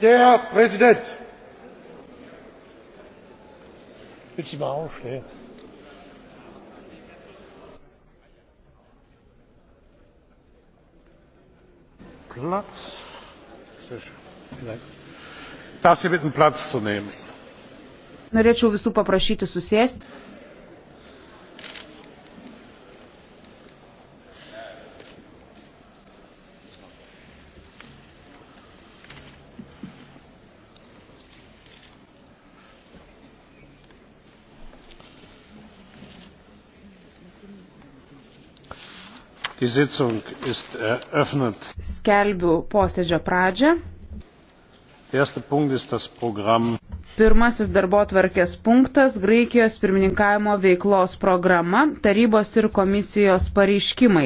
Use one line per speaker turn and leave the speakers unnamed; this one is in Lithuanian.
Der Präsident! Willst du mal aufstehen?
Platz. Darf Sie bitten, Platz zu nehmen?
Norėčiau visų paprašyti susėsti.
Skelbiu posėdžio pradžią.
Pirmasis
darbo tvarkės punktas - Graikijos pirmininkavimo veiklos programa, tarybos ir komisijos pareiškimai.